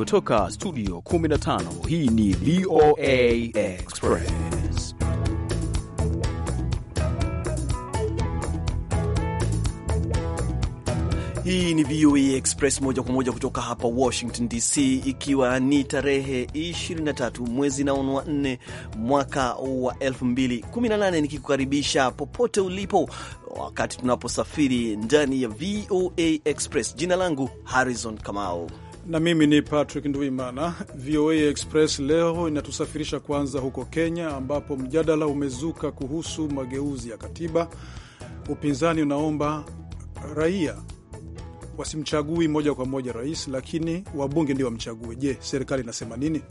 kutoka studio 15 hii ni VOA Express. Hii ni VOA Express moja kwa moja kutoka hapa Washington DC, ikiwa ni tarehe 23 mwezi naon wa 4 mwaka wa 2018 nikikukaribisha popote ulipo wakati tunaposafiri ndani ya VOA Express. Jina langu Harrison Kamau na mimi ni Patrick nduimana VOA Express leo inatusafirisha kwanza huko Kenya, ambapo mjadala umezuka kuhusu mageuzi ya katiba. Upinzani unaomba raia wasimchagui moja kwa moja rais, lakini wabunge ndio wamchague. Je, serikali inasema nini?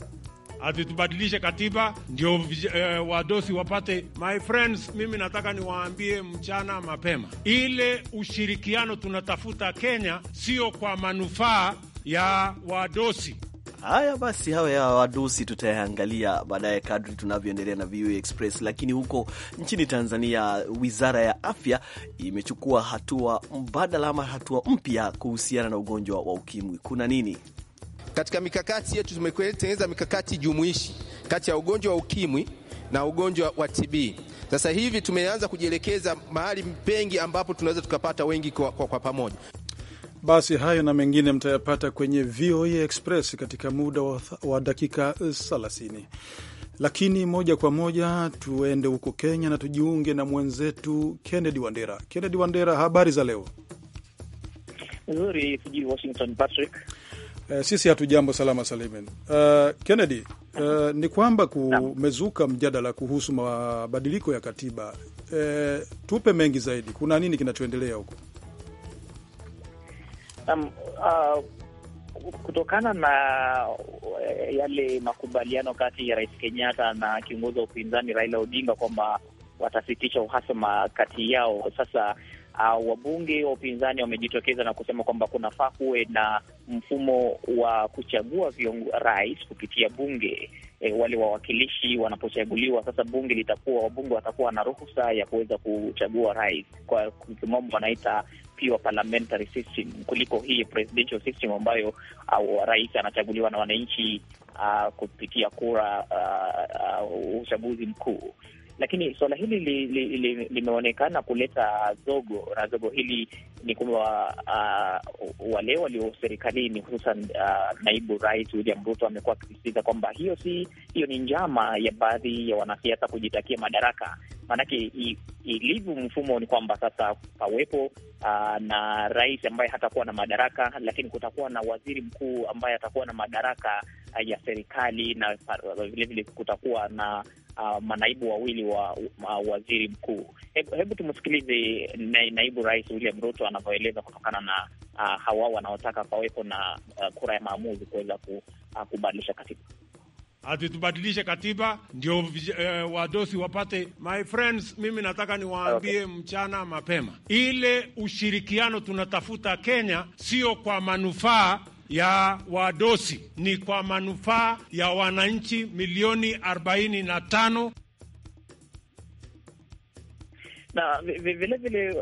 Ati tubadilishe katiba ndio eh, wadosi wapate. My friends, mimi nataka niwaambie mchana mapema, ile ushirikiano tunatafuta Kenya sio kwa manufaa ya wadosi. Haya basi, hawa ya wadosi tutayaangalia baadaye kadri tunavyoendelea na VOA Express. Lakini huko nchini Tanzania, wizara ya afya imechukua hatua mbadala ama hatua mpya kuhusiana na ugonjwa wa ukimwi. Kuna nini? Katika mikakati yetu tumetengeneza mikakati jumuishi kati ya ugonjwa wa ukimwi na ugonjwa wa TB. Sasa hivi tumeanza kujielekeza mahali pengi ambapo tunaweza tukapata wengi kwa, kwa, kwa pamoja. Basi hayo na mengine mtayapata kwenye VOA Express katika muda wa, dakika 30. Eh, Lakini moja kwa moja tuende huko Kenya na tujiunge na mwenzetu Kennedy Wandera. Kennedy Wandera, habari za leo? Nzuri, Washington Patrick. Eh, sisi hatujambo salama salimin. Uh, eh, Kennedy, uh, ni kwamba kumezuka mjadala kuhusu mabadiliko ya katiba. Uh, tupe mengi zaidi, kuna nini kinachoendelea huko? Um, uh, kutokana na eh, yale makubaliano kati ya Rais Kenyatta na kiongozi wa upinzani Raila Odinga kwamba watasitisha uhasama kati yao. Sasa uh, wabunge wa upinzani wamejitokeza na kusema kwamba kunafaa kuwe na mfumo wa kuchagua rais kupitia bunge. E, wale wawakilishi wanapochaguliwa sasa, bunge litakuwa, wabunge watakuwa na ruhusa ya kuweza kuchagua rais, kwa kimombo wanaita ikiwa parliamentary system kuliko hii presidential system ambayo uh, rais anachaguliwa na wananchi uh, kupitia kura uchaguzi uh, uchaguzi mkuu. Lakini suala hili limeonekana li, li, li kuleta zogo, na zogo hili ni kwamba uh, wale walio serikalini hususan uh, naibu rais William Ruto amekuwa akisisitiza kwamba hiyo si hiyo ni njama ya baadhi ya wanasiasa kujitakia madaraka maanake ilivyo mfumo ni kwamba sasa pawepo uh, na rais ambaye hatakuwa na madaraka, lakini kutakuwa na waziri mkuu ambaye atakuwa na madaraka ah, ya serikali na vilevile kutakuwa na Uh, manaibu wawili wa uh, waziri mkuu. Hebu, hebu tumsikilize na, naibu rais William Ruto anavyoeleza kutokana na uh, hawa wanaotaka pawepo na uh, kura ya maamuzi kuweza kubadilisha katiba azitubadilishe katiba ndio eh, wadosi wapate. My friends, mimi nataka niwaambie okay, mchana mapema, ile ushirikiano tunatafuta Kenya sio kwa manufaa ya wadosi, ni kwa manufaa ya wananchi milioni 45 na vilevile vile,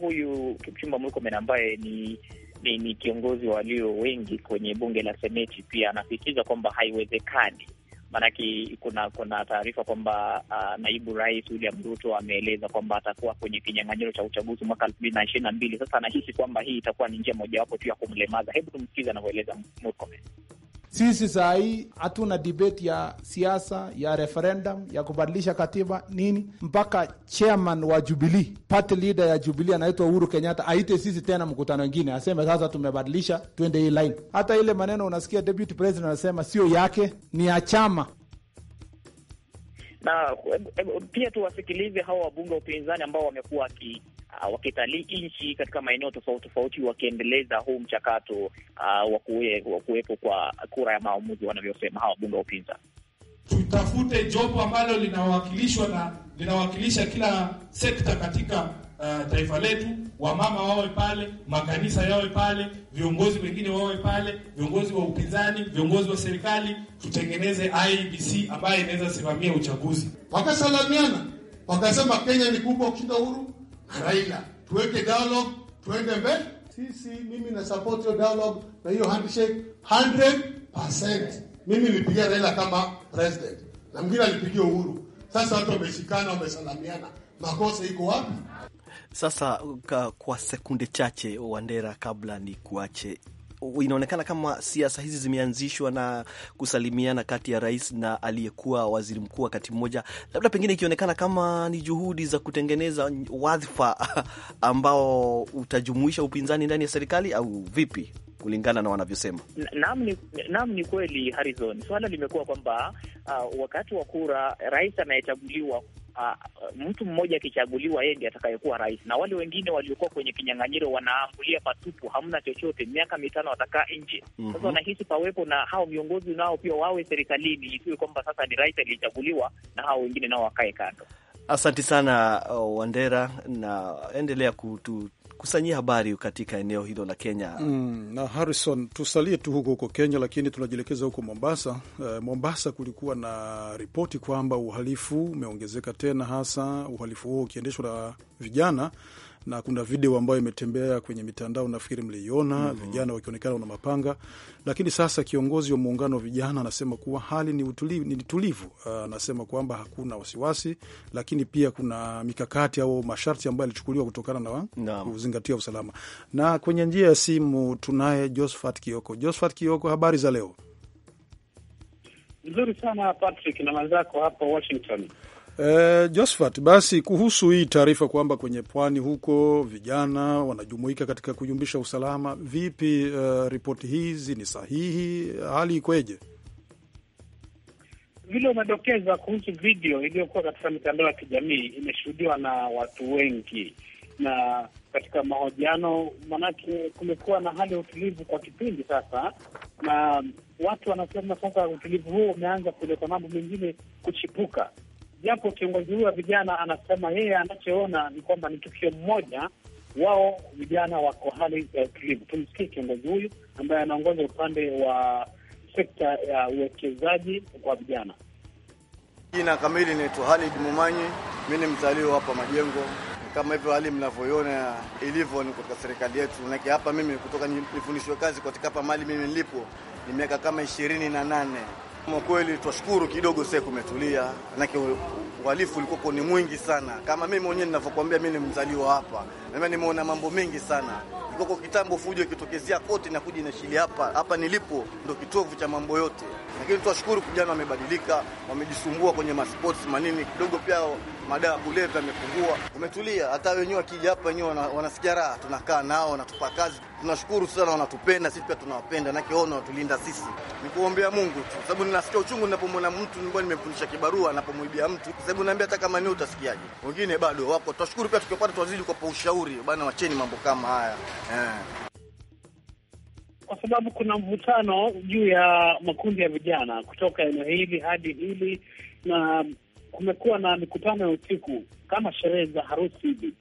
huyu Kipchumba Murkomen ambaye ni ni, ni kiongozi walio wengi kwenye bunge la Seneti pia anasisitiza kwamba haiwezekani maanake kuna kuna taarifa kwamba uh, naibu rais William Ruto ameeleza kwamba atakuwa kwenye kinyang'anyiro cha uchaguzi mwaka elfu mbili na ishirini na mbili. Sasa anahisi kwamba hii itakuwa ni njia mojawapo tu ya kumlemaza. Hebu tumsikize anavyoeleza Murkomen. Sisi saa hii hatuna debate ya siasa ya referendum ya kubadilisha katiba nini, mpaka chairman wa Jubilee party leader ya Jubilee anaitwa Uhuru Kenyatta aite sisi tena mkutano wengine, aseme sasa tumebadilisha, twende hii line. Hata ile maneno unasikia deputy president anasema sio yake, ni ya chama na eh, eh, pia tuwasikilize hao wabunge wa upinzani ambao wamekuwa uh, wakitalii nchi katika maeneo tofauti tofauti, wakiendeleza huu mchakato uh, wa kuwepo kwa kura ya maamuzi wanavyosema hawa bunge wa upinzani. Tutafute jopo ambalo linawakilishwa na linawakilisha kila sekta katika uh, taifa letu. Wamama wawe pale, makanisa yawe pale, viongozi wengine wawe pale, viongozi wa upinzani, viongozi wa serikali. Tutengeneze ibc ambayo inaweza simamia uchaguzi. Wakasalamiana wakasema Kenya ni kubwa kushinda Uhuru, Raila, tuweke dialogue, tuende mbele. Sisi mimi na support hiyo dialogue na hiyo handshake 100%. Mimi nilipigia Raila kama president na mwingine alipigia Uhuru. Sasa watu wameshikana, wamesalamiana, makosa iko wapi? Sasa kwa sekunde chache, Wandera, kabla ni kuache inaonekana kama siasa hizi zimeanzishwa na kusalimiana kati ya rais na aliyekuwa waziri mkuu wakati mmoja, labda pengine ikionekana kama ni juhudi za kutengeneza wadhifa ambao utajumuisha upinzani ndani ya serikali au vipi? kulingana na wanavyosema. Naam, ni, naam, ni kweli Harrison, swala limekuwa kwamba uh, wakati wa kura rais anayechaguliwa uh, mtu mmoja akichaguliwa, yeye ndiye atakayekuwa rais, na wale wengine waliokuwa kwenye kinyang'anyiro wanaambulia patupu, hamna chochote, miaka mitano watakaa nje. mm -hmm. Sasa wanahisi pawepo na hao viongozi nao pia wawe serikalini, isiwe kwamba sasa ni rais aliyechaguliwa na hao wengine nao wakae kando. Asante sana Wandera, na endelea kutu, kusanyia habari katika eneo hilo la Kenya. Mm, na Harrison, tusalie tu huko huko Kenya, lakini tunajielekeza huko Mombasa. E, Mombasa kulikuwa na ripoti kwamba uhalifu umeongezeka tena, hasa uhalifu huo ukiendeshwa na vijana na kuna video ambayo imetembea kwenye mitandao, nafikiri mliiona, mm -hmm. vijana wakionekana na mapanga. Lakini sasa kiongozi wa muungano wa vijana anasema kuwa hali ni utulivu, ni tulivu. Ah, anasema uh, kwamba hakuna wasiwasi, lakini pia kuna mikakati au masharti ambayo yalichukuliwa kutokana na no. kuzingatia usalama. Na kwenye njia ya simu tunaye Josephat Kioko. Josephat Kioko, habari za leo? Nzuri sana Patrick na mwenzako hapo Washington. E, basi kuhusu hii taarifa kwamba kwenye pwani huko vijana wanajumuika katika kuyumbisha usalama, vipi? Uh, ripoti hizi ni sahihi? Hali ikweje? Vile umedokeza kuhusu video iliyokuwa katika mitandao ya kijamii imeshuhudiwa na watu wengi, na katika mahojiano, manake kumekuwa na hali ya utulivu kwa kipindi sasa, na watu wanasema sasa utulivu huo umeanza kuleta mambo mengine kuchipuka japo kiongozi huyu wa vijana anasema yeye anachoona ni kwamba ni tukio mmoja, wao vijana wako hali ya utulivu. Tumsikie kiongozi huyu ambaye anaongoza upande wa sekta ya uwekezaji kwa vijana. Jina kamili naitwa Halid Mumanyi, mi ni mzaliwa hapa Majengo. Kama hivyo hali mnavyoiona ilivyo ni kutoka serikali yetu, manake hapa mimi kutoka nifundishwe kazi katika hapa mali mimi nilipo ni miaka kama ishirini na nane kwa kweli twashukuru kidogo, sasa kumetulia, manake uhalifu ulikuwa ni mwingi sana. Kama mimi mwenyewe ninavyokuambia, mimi ni mzaliwa hapa, mimi nimeona mambo mengi sana ilikuwa kitambo, fujo ikitokezea koti na kuja inashili hapa hapa nilipo, ndo kitovu cha mambo yote. Lakini tuwashukuru vijana wamebadilika, wamejisumbua kwenye masports manini kidogo, pia madawa ya kulevya yamepungua, umetulia. Hata wenyewe wakija hapa wenyewe wanasikia raha, tunakaa nao, wanatupa kazi. Tunashukuru sana, wanatupenda sisi, pia tunawapenda na kiona wanatulinda sisi. Ni kuombea Mungu tu, sababu ninasikia uchungu ninapomwona mtu mbona nimemfundisha kibarua anapomwibia mtu, sababu naambia hata kama ni utasikiaje, wengine bado wako. Tunashukuru pia, tukipata tuwazidi kwa ushauri bana, wacheni mambo kama haya eh kwa sababu kuna mvutano juu ya makundi ya vijana kutoka eneo hili hadi hili, na kumekuwa na mikutano ya usiku kama sherehe za harusi hivi.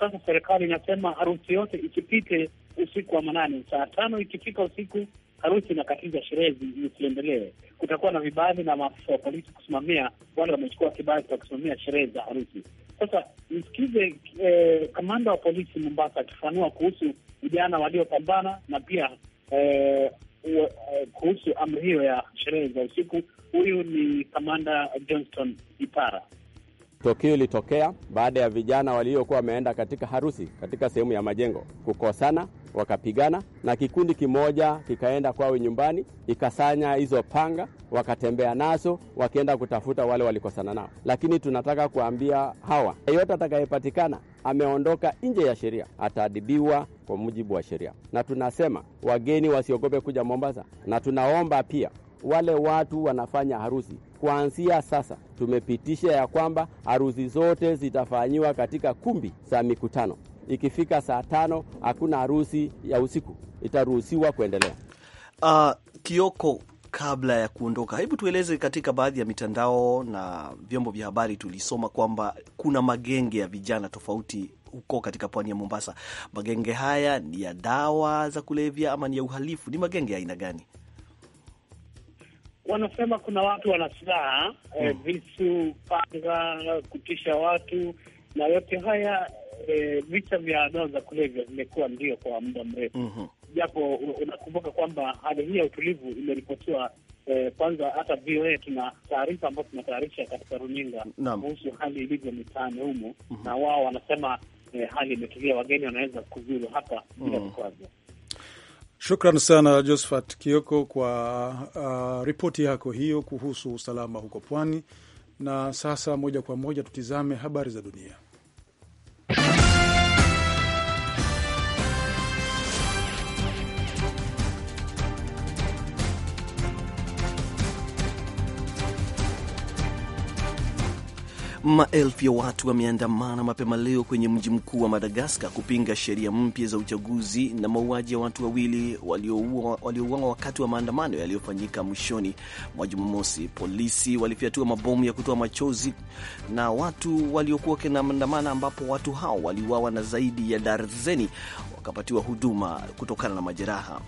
Sasa serikali inasema harusi yote ikipite usiku wa manane. Saa tano ikifika usiku, harusi inakatiza, sherehe zisiendelee. Kutakuwa na vibali na maafisa wa polisi kusimamia wale wamechukua kibali cha kusimamia sherehe za harusi. Sasa msikize eh, kamanda wa polisi Mombasa akifanua kuhusu vijana waliopambana na pia Eh, eh, kuhusu amri hiyo ya sherehe za usiku. Huyu ni kamanda Johnston Ipara. Tukio ilitokea baada ya vijana waliokuwa wameenda katika harusi katika sehemu ya majengo kukosana, wakapigana na kikundi kimoja kikaenda kwao nyumbani, ikasanya hizo panga, wakatembea nazo, wakienda kutafuta wale walikosana nao. Lakini tunataka kuambia hawa, yeyote atakayepatikana ameondoka nje ya sheria ataadhibiwa kwa mujibu wa sheria. Na tunasema wageni wasiogope kuja Mombasa, na tunaomba pia wale watu wanafanya harusi kuanzia sasa tumepitisha ya kwamba harusi zote zitafanyiwa katika kumbi za mikutano. Ikifika saa tano, hakuna harusi ya usiku itaruhusiwa kuendelea. Uh, Kioko, kabla ya kuondoka, hebu tueleze, katika baadhi ya mitandao na vyombo vya habari tulisoma kwamba kuna magenge ya vijana tofauti huko katika pwani ya Mombasa. Magenge haya ni ya dawa za kulevya ama ni ya uhalifu? Ni magenge ya aina gani? Wanasema kuna watu wana silaha eh, hmm, e, visu, panga, kutisha watu na yote haya e, eh, vita vya dawa za kulevya vimekuwa ndio kwa muda mrefu mm -hmm japo unakumbuka kwamba hali hii ya utulivu imeripotiwa eh, kwanza hata VOA tuna taarifa ambayo tunatayarisha katika runinga kuhusu hali ilivyo mitaani humo, mm -hmm. na wao wanasema eh, hali imetulia, wageni wanaweza kuzuru hapa bila mm. vikwazo. Shukran sana Josephat Kioko kwa uh, ripoti yako hiyo kuhusu usalama huko pwani. Na sasa moja kwa moja tutizame habari za dunia. Maelfu ya watu wameandamana mapema leo kwenye mji mkuu wa Madagaskar kupinga sheria mpya za uchaguzi na mauaji ya watu wawili waliouawa wakati wa maandamano yaliyofanyika mwishoni mwa Jumamosi. Polisi walifyatua mabomu ya kutoa machozi na watu waliokuwa maandamana, ambapo watu hao waliuawa na zaidi ya darzeni wakapatiwa huduma kutokana na majeraha.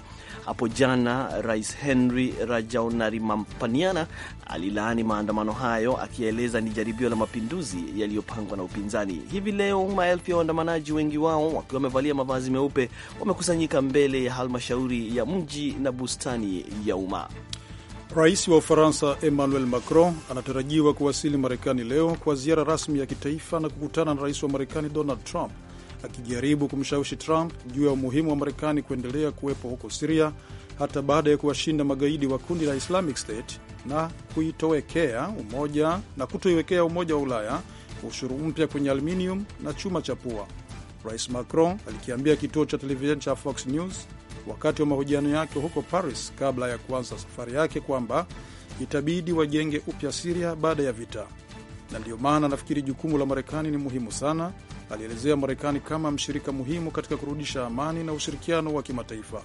Hapo jana Rais Henry Rajaonarimampianina alilaani maandamano hayo akieleza ni jaribio la mapinduzi yaliyopangwa na upinzani. Hivi leo maelfu ya waandamanaji, wengi wao wakiwa wamevalia mavazi meupe, wamekusanyika mbele ya halmashauri ya mji na bustani ya umma. Rais wa Ufaransa Emmanuel Macron anatarajiwa kuwasili Marekani leo kwa ziara rasmi ya kitaifa na kukutana na rais wa Marekani Donald Trump akijaribu kumshawishi Trump juu ya umuhimu wa Marekani kuendelea kuwepo huko Siria hata baada ya kuwashinda magaidi wa kundi la Islamic State na kuitowekea umoja na kutoiwekea Umoja wa Ulaya ushuru mpya kwenye aluminium na chuma cha pua. Rais Macron alikiambia kituo cha televisheni cha Fox News wakati wa mahojiano yake huko Paris kabla ya kuanza safari yake kwamba itabidi wajenge upya Siria baada ya vita, na ndiyo maana nafikiri jukumu la Marekani ni muhimu sana alielezea Marekani kama mshirika muhimu katika kurudisha amani na ushirikiano wa kimataifa.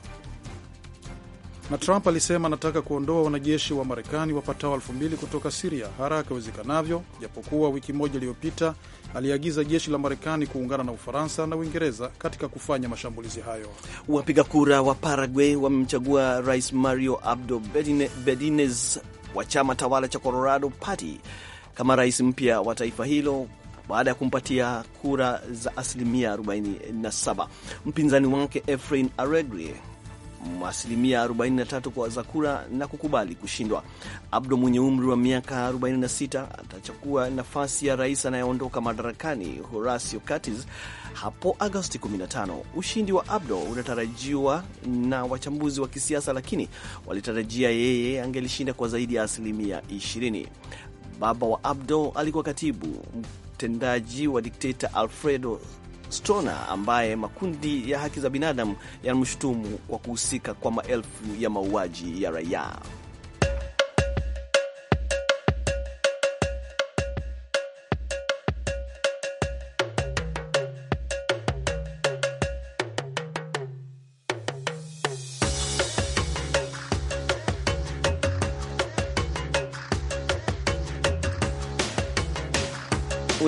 Na Trump alisema anataka kuondoa wanajeshi wa Marekani wapatao elfu mbili kutoka Siria haraka iwezekanavyo, japokuwa wiki moja iliyopita aliagiza jeshi la Marekani kuungana na Ufaransa na Uingereza katika kufanya mashambulizi hayo. Wapiga kura wa Paraguay wamemchagua Rais Mario Abdo Bedines wa chama tawala cha Colorado Party kama rais mpya wa taifa hilo baada ya kumpatia kura za asilimia 47 mpinzani wake Efrain Aregri asilimia 43 za kura na kukubali kushindwa. Abdo mwenye umri wa miaka 46 atachukua nafasi ya rais anayeondoka madarakani Horacio Cartes hapo Agosti 15. Ushindi wa Abdo unatarajiwa na wachambuzi wa kisiasa, lakini walitarajia yeye angelishinda kwa zaidi ya asilimia 20. Baba wa Abdo alikuwa katibu mtendaji wa dikteta Alfredo Stona ambaye makundi ya haki za binadamu yanamshutumu wa kuhusika kwa maelfu ya mauaji ya raia.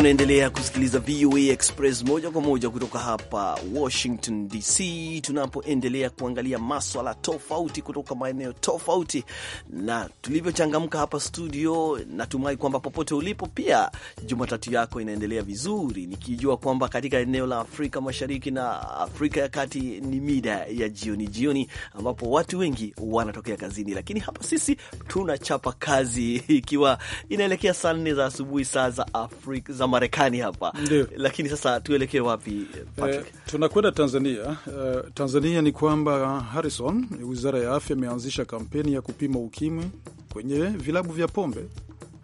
Unaendelea kusikiliza VOA Express moja kwa moja kutoka hapa Washington DC, tunapoendelea kuangalia maswala tofauti kutoka maeneo tofauti na tulivyochangamka hapa studio. Natumai kwamba popote ulipo, pia Jumatatu yako inaendelea vizuri, nikijua kwamba katika eneo la Afrika Mashariki na Afrika ya Kati ni mida ya jioni jioni, ambapo watu wengi wanatokea kazini, lakini hapa sisi tunachapa kazi ikiwa inaelekea saa nne za asubuhi saa za Afrika za Marekani hapa Ndiyo. Lakini sasa tuelekee wapi Patrick? Eh, tunakwenda Tanzania. E, Tanzania ni kwamba Harrison, wizara ya afya imeanzisha kampeni ya kupima ukimwi kwenye vilabu vya pombe,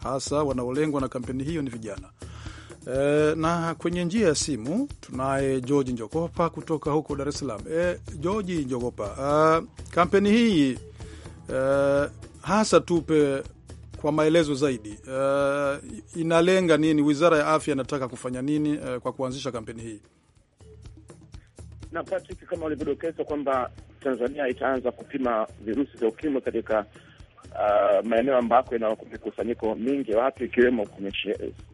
hasa wanaolengwa na kampeni hiyo ni vijana. E, na kwenye njia ya simu tunaye George Njogopa kutoka huko Dar es Salaam. Eh, George Njogopa, uh, kampeni hii uh, hasa tupe kwa maelezo zaidi, uh, inalenga nini? Wizara ya afya inataka kufanya nini uh, kwa kuanzisha kampeni hii? Na Patrick, kama ulivyodokeza kwamba Tanzania itaanza kupima virusi vya ukimwi katika uh, maeneo ambako ina mikusanyiko mingi ya watu ikiwemo kwenye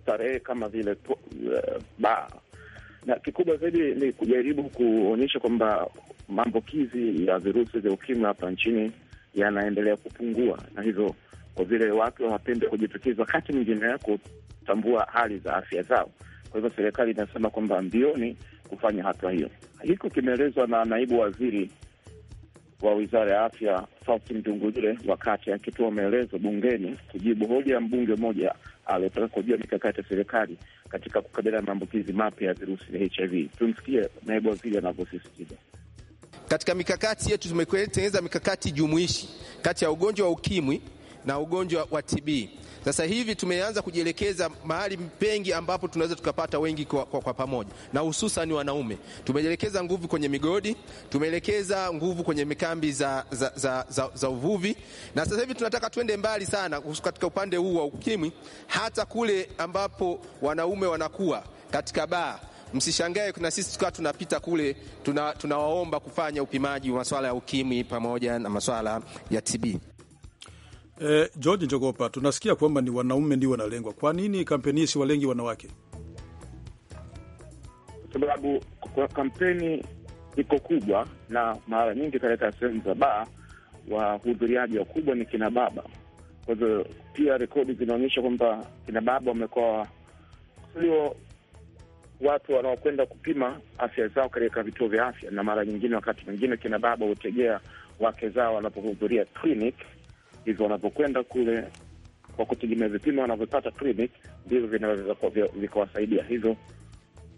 starehe kama vile uh, ba na kikubwa zaidi ni kujaribu kuonyesha kwamba maambukizi ya virusi vya ukimwi hapa nchini yanaendelea kupungua, na hivyo kwa vile watu hawapendi kujitokeza wakati mwingine yako kutambua hali za afya zao. Kwa hivyo serikali inasema kwamba mbioni kufanya hatua hiyo. Hiko kimeelezwa na naibu waziri wa wizara ya afya Faustin Ndungulile wakati akitoa maelezo bungeni kujibu hoja ya mbunge mmoja aliyotaka kujua mikakati ya serikali katika kukabiliana na maambukizi mapya ya virusi vya HIV. Tumsikie naibu waziri anavyosisitiza. Katika mikakati yetu tumekuwa mikakati jumuishi kati ya ugonjwa wa ukimwi na ugonjwa wa TB. Sasa hivi tumeanza kujielekeza mahali pengi ambapo tunaweza tukapata wengi kwa, kwa, kwa pamoja na hususan wanaume. Tumeelekeza nguvu kwenye migodi, tumeelekeza nguvu kwenye mikambi za, za, za, za, za uvuvi, na sasa hivi tunataka twende mbali sana katika upande huu wa ukimwi, hata kule ambapo wanaume wanakuwa katika baa Msishangae na sisi tukawa tunapita kule, tunawaomba tuna kufanya upimaji wa masuala ya ukimwi pamoja na masuala ya TB. Eh, George Njogopa, tunasikia kwamba ni wanaume ndio wanalengwa. Kwa nini kampeni hii si walengi wanawake? Kwa sababu kwa kampeni iko kubwa, na mara nyingi katika sehemu za baa wahudhuriaji wakubwa ni kina baba. Kwa hivyo pia rekodi zinaonyesha kwamba kina baba wamekuwa sio watu wanaokwenda kupima afya zao katika vituo vya afya, na mara nyingine, wakati mwingine, kina baba hutegea wake zao wanapohudhuria clinic hivyo wanavyokwenda kule kwa kutegemea vipimo wanavyopata clinic ndivyo vinaweza vikawasaidia. Hivyo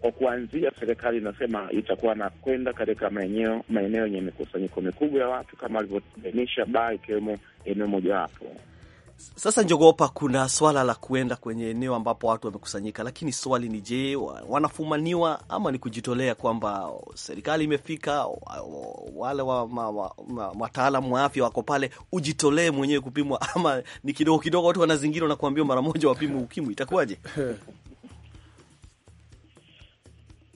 kwa kuanzia, serikali inasema itakuwa na kwenda katika maeneo maeneo yenye mikusanyiko mikubwa ya watu kama alivyobainisha baa, ikiwemo eneo mojawapo. Sasa njogopa, kuna swala la kuenda kwenye eneo ambapo watu wamekusanyika, lakini swali ni je, wanafumaniwa ama ni kujitolea kwamba serikali imefika, wale wataalamu wa afya wako pale, ujitolee mwenyewe kupimwa, ama ni kidogo kidogo watu wanazingira, wanakuambia mara moja wapimwe ukimwi, itakuwaje?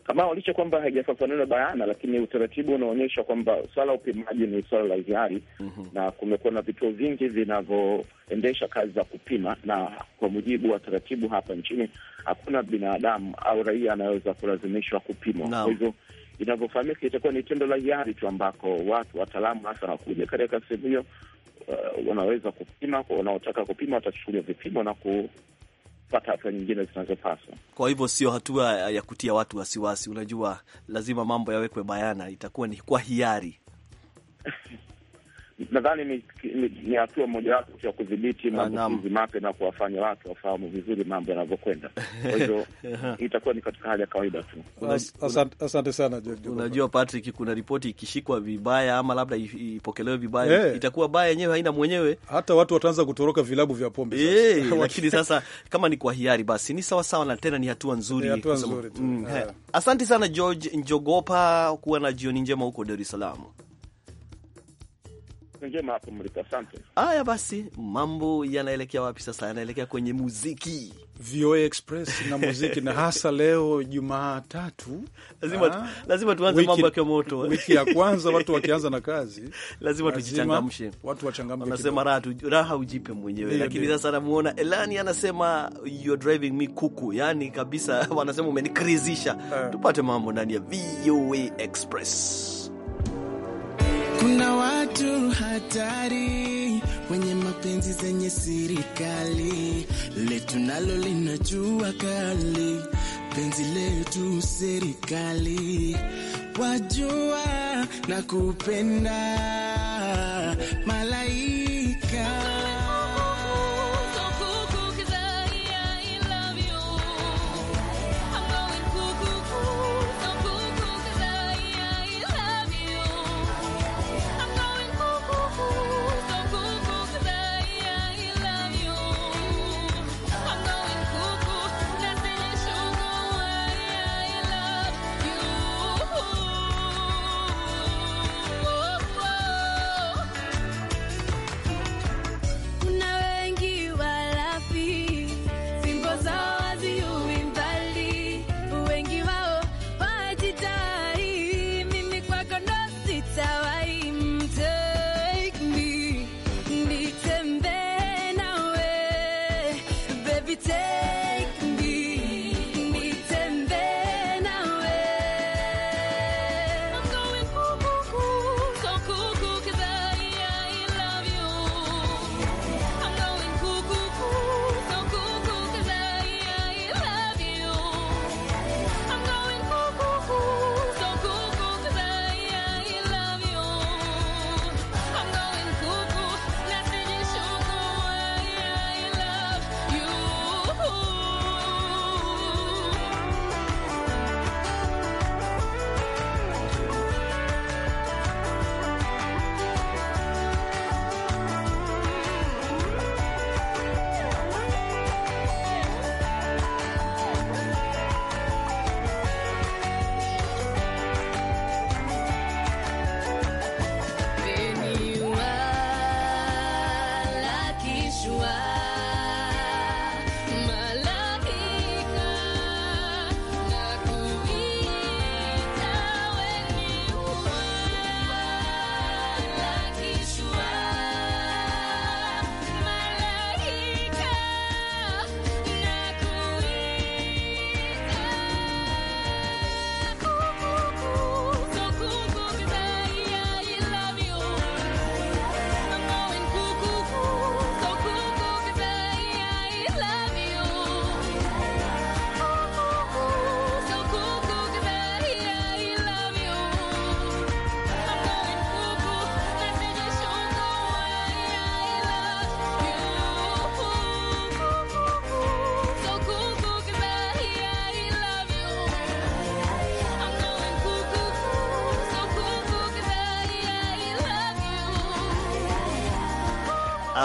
kama licha kwamba haijafafanuliwa bayana, lakini utaratibu unaonyesha kwamba swala upimaji ni swala la hiari mm -hmm. na kumekuwa na vituo vingi vinavyoendesha kazi za kupima, na kwa mujibu wa taratibu hapa nchini hakuna binadamu au raia anaweza kulazimishwa kupimwa no. Kwa hivyo inavyofahamika, itakuwa ni tendo la hiari tu ambako watu wataalamu hasa wanakuja katika sehemu hiyo. Uh, wanaweza kupima. Wanaotaka kupima watachukulia vipimo na kupata hatua nyingine zinazopaswa. Kwa hivyo sio hatua ya kutia watu wasiwasi, unajua lazima mambo yawekwe bayana, itakuwa ni kwa hiari nadhani ni, ni, ni hatua mojawapo ya kudhibiti ah, maambukizi mapya na kuwafanya watu wafahamu vizuri mambo yanavyokwenda. Kwa hivyo itakuwa ni katika hali ya kawaida tu. Asante sana. Unajua Patrick, kuna ripoti ikishikwa vibaya ama labda ipokelewe vibaya hey, eh. itakuwa baya yenyewe haina mwenyewe, hata watu wataanza kutoroka vilabu vya pombe hey, eh, lakini sasa kama ni kwa hiari basi ni sawasawa, na tena ni hatua nzuri, ni hatua nzuri Mm, yeah. Eh. Asante sana George Njogopa, kuwa na jioni njema huko Dar es Salaam siku njema hapo mlipo. Asante. Haya basi, mambo yanaelekea wapi sasa? Yanaelekea kwenye muziki, VOA Express na muziki na hasa leo Jumatatu lazima, ah, lazima tuanze mambo ya moto. Wiki ya kwanza watu wakianza na kazi lazima tujichangamshe, watu wachangamke. Anasema raha, raha ujipe mwenyewe, lakini sasa namuona Elani anasema you driving me kuku, yani kabisa wanasema umenikrizisha. Eh. Tupate mambo ndani ya VOA Express. Kuna watu hatari wenye mapenzi zenye siri kali, letu nalo linajua kali, penzi letu serikali, wajua na kupenda malaika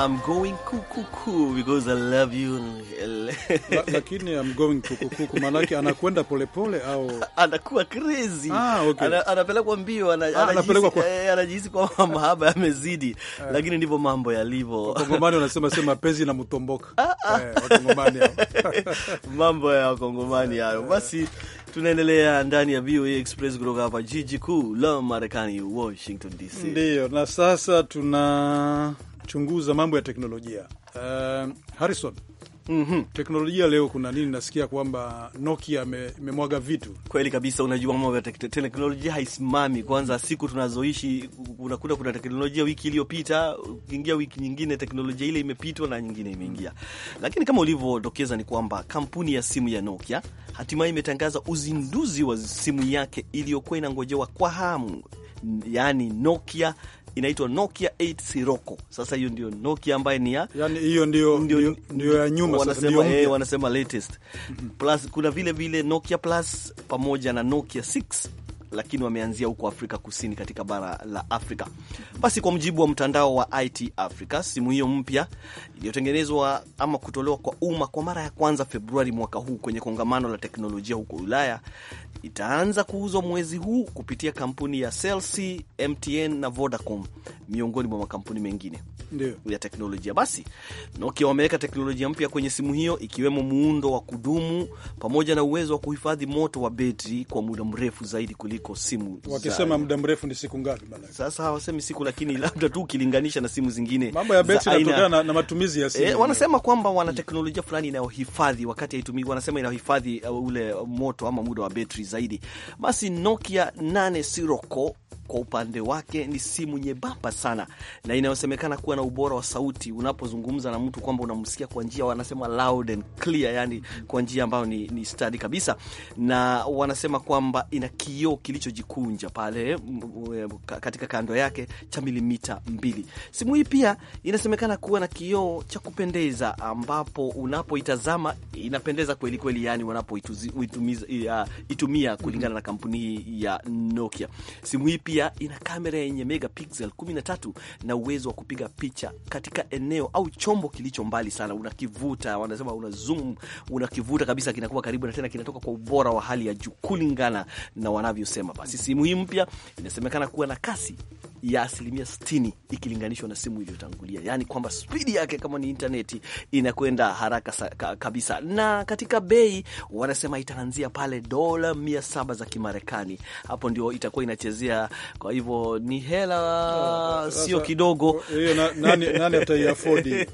I'm going kukuku because I love you. lakini I'm going kukuku manake anakwenda polepole au anakuwa crazy. Ah, okay. Ana, anapelekwa mbio ah, eh, anajihisi kwa... anajihisi kwamba mahaba yamezidi eh. Lakini ndivyo mambo yalivyo. Wakongomani wanasema sema pezi na mutomboka. Ah, ah. Eh, mambo ya Wakongomani hayo. Basi tunaendelea ndani ya VOA Express kutoka hapa jiji kuu la Marekani Washington DC. Ndio, na sasa tuna kuchunguza mambo ya teknolojia. Uh, Harrison, Mm -hmm. Teknolojia leo kuna nini? Nasikia kwamba Nokia imemwaga vitu kweli kabisa. Unajua mambo ya teknolojia haisimami. Kwanza siku tunazoishi unakuta kuna teknolojia wiki iliyopita, ukiingia wiki nyingine teknolojia ile imepitwa na nyingine imeingia. Lakini kama ulivyodokeza, ni kwamba kampuni ya simu ya Nokia hatimaye imetangaza uzinduzi wa simu yake iliyokuwa inangojewa kwa hamu, yaani Nokia inaitwa Nokia 8 Sirocco. Sasa hiyo ndio Nokia ambayo ni ya yani, hiyo ndio ndio ya nyuma wanasema, sasa ndio eh, wanasema latest. Mhm. Plus kuna vile vile Nokia Plus pamoja na Nokia 6 lakini wameanzia huko Afrika Kusini, katika bara la Afrika. Basi kwa mujibu wa mtandao wa IT Africa, simu hiyo mpya iliyotengenezwa ama kutolewa kwa umma kwa mara ya kwanza Februari mwaka huu kwenye kongamano la teknolojia huko Ulaya itaanza kuuzwa mwezi huu kupitia kampuni ya Celsi, MTN na Vodacom miongoni mwa makampuni mengine Ndiyo. ya teknolojia. Basi Nokia wameweka teknolojia mpya kwenye simu hiyo ikiwemo muundo wa kudumu pamoja na uwezo wa kuhifadhi moto wa betri kwa muda mrefu zaidi kuliko kuliko simu wakisema muda mrefu ni siku ngapi bana? Sasa hawasemi siku, lakini labda tu ukilinganisha na simu zingine, mambo ya beti yanatokana na, na matumizi ya eh, simu e, wanasema kwamba wana teknolojia fulani inayohifadhi wakati haitumiki, wanasema inayohifadhi uh, ule moto ama muda wa betri zaidi. Basi Nokia 8 siroko kwa upande wake ni simu nyebamba sana na inayosemekana kuwa na ubora wa sauti unapozungumza na mtu kwamba unamsikia kwa njia wanasema loud and clear, yani kwa njia ambayo ni, ni stadi kabisa, na wanasema kwamba ina kioo kilichojikunja pale e, katika kando yake cha milimita mbili. Simu hii pia inasemekana kuwa na kioo cha kupendeza ambapo unapoitazama inapendeza kweli kweli, yani wanapoitumia kulingana na kampuni hii ya Nokia. Simu hii hii pia ina kamera yenye megapixel 13 na uwezo wa kupiga picha katika eneo au chombo kilicho mbali sana. Unakivuta, wanasema una zoom, unakivuta kabisa, kinakuwa karibu na tena kinatoka kwa ubora wa hali ya juu kulingana na wanavyosema. Basi simu hii mpya inasemekana kuwa na kasi ya asilimia 60 ikilinganishwa na simu iliyotangulia, yaani kwamba spidi yake kama ni intaneti inakwenda haraka ka, kabisa. Na katika bei wanasema itaanzia pale dola 700 za Kimarekani, hapo ndio itakuwa inachezea kwa hivyo ni hela ah, sio kidogo hiyo, eh, eh, nani, nani ataiafodi?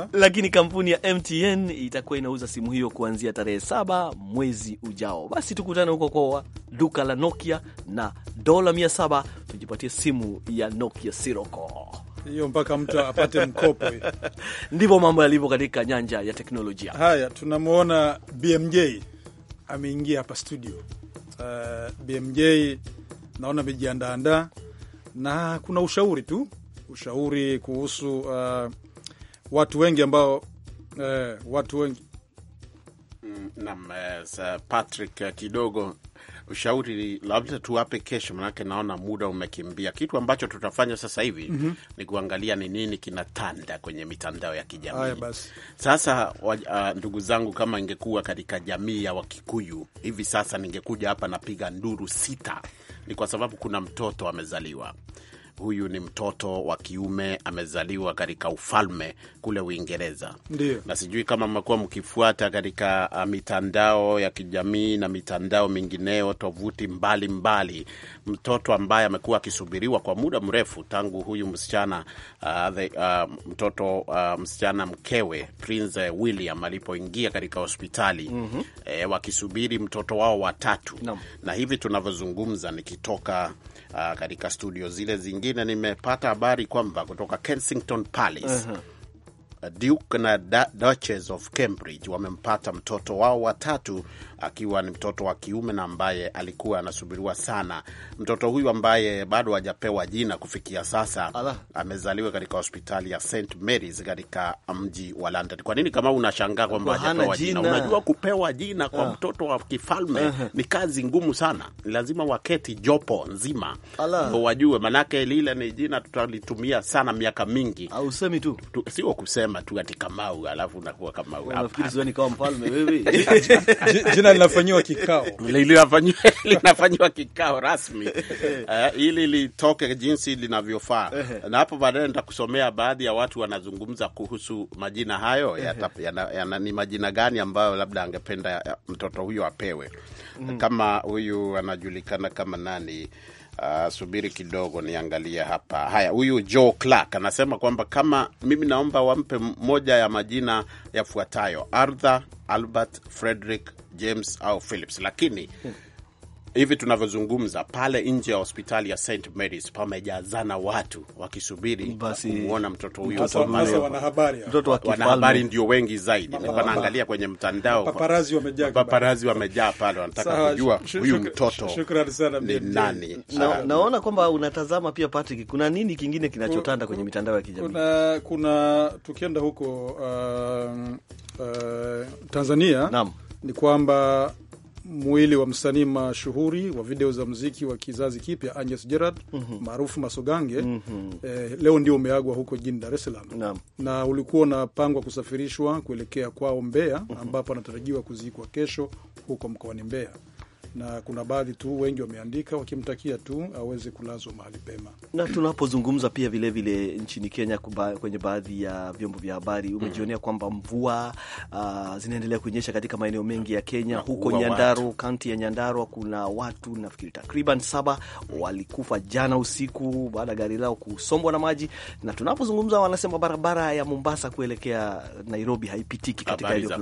Ah? Lakini kampuni ya MTN itakuwa inauza simu hiyo kuanzia tarehe saba mwezi ujao. Basi tukutane huko kwa duka la Nokia na dola mia saba tujipatie simu ya Nokia Sirocco hiyo mpaka mtu apate mkopo. Ndivyo mambo yalivyo katika nyanja ya teknolojia. Haya, tunamwona BMJ ameingia hapa studio. Uh, BMJ naona amejiandaandaa na kuna ushauri tu, ushauri kuhusu uh, watu wengi ambao uh, watu wengi mm, nam uh, Patrick, uh, kidogo ushauri labda tuwape kesho, manake naona muda umekimbia. Kitu ambacho tutafanya sasa hivi mm -hmm. ni kuangalia ni nini kinatanda kwenye mitandao ya kijamii. Sasa uh, ndugu zangu, kama ingekuwa katika jamii ya Wakikuyu hivi sasa, ningekuja hapa napiga nduru sita ni kwa sababu kuna mtoto amezaliwa huyu ni mtoto wa kiume amezaliwa katika ufalme kule Uingereza. Ndiyo. Na sijui kama mmekuwa mkifuata katika uh, mitandao ya kijamii na mitandao mingineo, tovuti mbalimbali, mtoto ambaye amekuwa akisubiriwa kwa muda mrefu tangu huyu msichana uh, the, uh, mtoto uh, msichana mkewe Prince William alipoingia katika hospitali mm -hmm. eh, wakisubiri mtoto wao watatu no. na hivi tunavyozungumza nikitoka uh, katika studio zile zingine, nimepata habari kwamba kutoka Kensington Palace uh -huh. Duke na Duchess of Cambridge wamempata mtoto wao watatu akiwa ni mtoto wa kiume na ambaye alikuwa anasubiriwa sana. Mtoto huyu ambaye bado hajapewa jina kufikia sasa amezaliwa katika hospitali ya St Mary's katika mji wa London. Kwa nini kama unashangaa kwamba hajapewa jina? Unajua, kupewa jina kwa Ala. Ah. mtoto wa kifalme -huh, ni kazi ngumu sana, ni lazima waketi jopo nzima ndo wajue, manake lile ni jina tutalitumia sana miaka mingi, au tu, sio kusema tu ati Kamau alafu unakuwa Kamau. Nafikiri sioni kama mfalme wewe jina jina linafanyiwa kikao linafanyiwa kikao rasmi uh, ili litoke jinsi linavyofaa na hapo baadaye nitakusomea baadhi ya watu wanazungumza kuhusu majina hayo ya, ya, ya, ni majina gani ambayo labda angependa eh, mtoto huyo apewe, mm. kama huyu anajulikana kama nani Uh, subiri kidogo niangalie hapa. Haya, huyu Joe Clark anasema kwamba kama mimi naomba wampe moja ya majina yafuatayo: Arthur, Albert, Frederick, James au Phillips, lakini hmm hivi tunavyozungumza pale nje ya hospitali ya St Mary's pamejazana watu wakisubiri kumwona mtoto huyo. Wanahabari ndio wengi zaidi, wanaangalia kwenye mtandao, paparazi wamejaa pale, wanataka kujua huyu mtoto ni nani. Naona kwamba unatazama pia, Patrick, kuna nini kingine kinachotanda kwenye mitandao ya kijamii? Kuna tukienda huko um, uh, Tanzania ni kwamba mwili wa msanii mashuhuri wa video za mziki wa kizazi kipya Agnes Gerard mm -hmm. maarufu Masogange mm -hmm. eh, leo ndio umeagwa huko jijini Dar es Salaam na, na ulikuwa unapangwa kusafirishwa kuelekea kwao Mbeya mhm. ambapo anatarajiwa kuzikwa kesho huko mkoani Mbeya na kuna baadhi tu wengi wameandika wakimtakia tu aweze kulazwa mahali pema. Na tunapozungumza pia vilevile vile nchini Kenya kuba, kwenye baadhi ya vyombo vya habari mm-hmm. umejionea mm, kwamba mvua uh, zinaendelea kunyesha katika maeneo mengi ya Kenya na huko Nyandaro, kaunti ya Nyandarua kuna watu nafikiri takriban saba walikufa jana usiku baada ya gari lao kusombwa na maji, na tunapozungumza wanasema barabara ya Mombasa kuelekea Nairobi haipitiki katika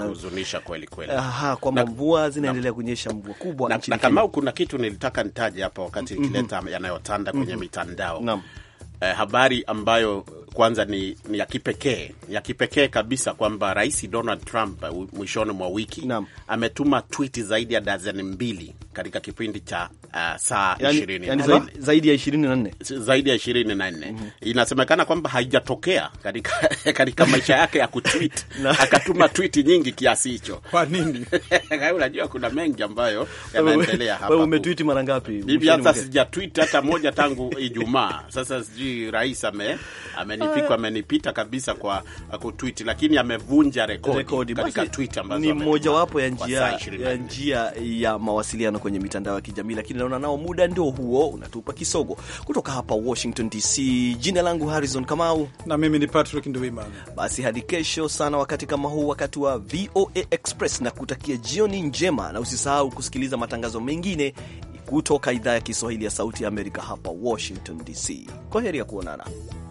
Kwamba mvua zinaendelea kunyesha mvua kubwa na Kamau, kuna kitu nilitaka nitaje hapa wakati mm-hmm. ikileta mm -hmm. yanayotanda kwenye mm -hmm. mitandao Eh, habari ambayo kwanza ni, ni ya kipekee ya kipekee kabisa kwamba Rais Donald Trump uh, mwishoni mwa wiki Naam. ametuma twiti zaidi ya dazeni mbili katika kipindi cha uh, saa ishirini yani zaidi, zaidi ya ishirini na nne zaidi ya ishirini na nne mm -hmm. Inasemekana kwamba haijatokea katika, katika maisha yake ya kutwit akatuma twiti nyingi kiasi hicho. Kwa nini? Unajua kuna mengi ambayo yanaendelea hapa. Umetwiti mara ngapi? hivi? hata sijatwit hata moja tangu Ijumaa. Sasa sijui rais ame ameni Mpiku eh. amenipita kabisa kwa uh, kutwit, lakini amevunja rekodi katika tweet ambazo ni mojawapo ya njia ya njia ya mawasiliano kwenye mitandao ya kijamii. Lakini naona nao muda ndio huo unatupa kisogo. Kutoka hapa Washington DC, jina langu Harrison Kamau na mimi ni Patrick Nduwimana. Basi hadi kesho sana wakati kama huu, wakati wa VOA Express, na kutakia jioni njema, na usisahau kusikiliza matangazo mengine kutoka idhaa ya Kiswahili ya Sauti ya Amerika hapa Washington DC. Kwa heri ya kuonana.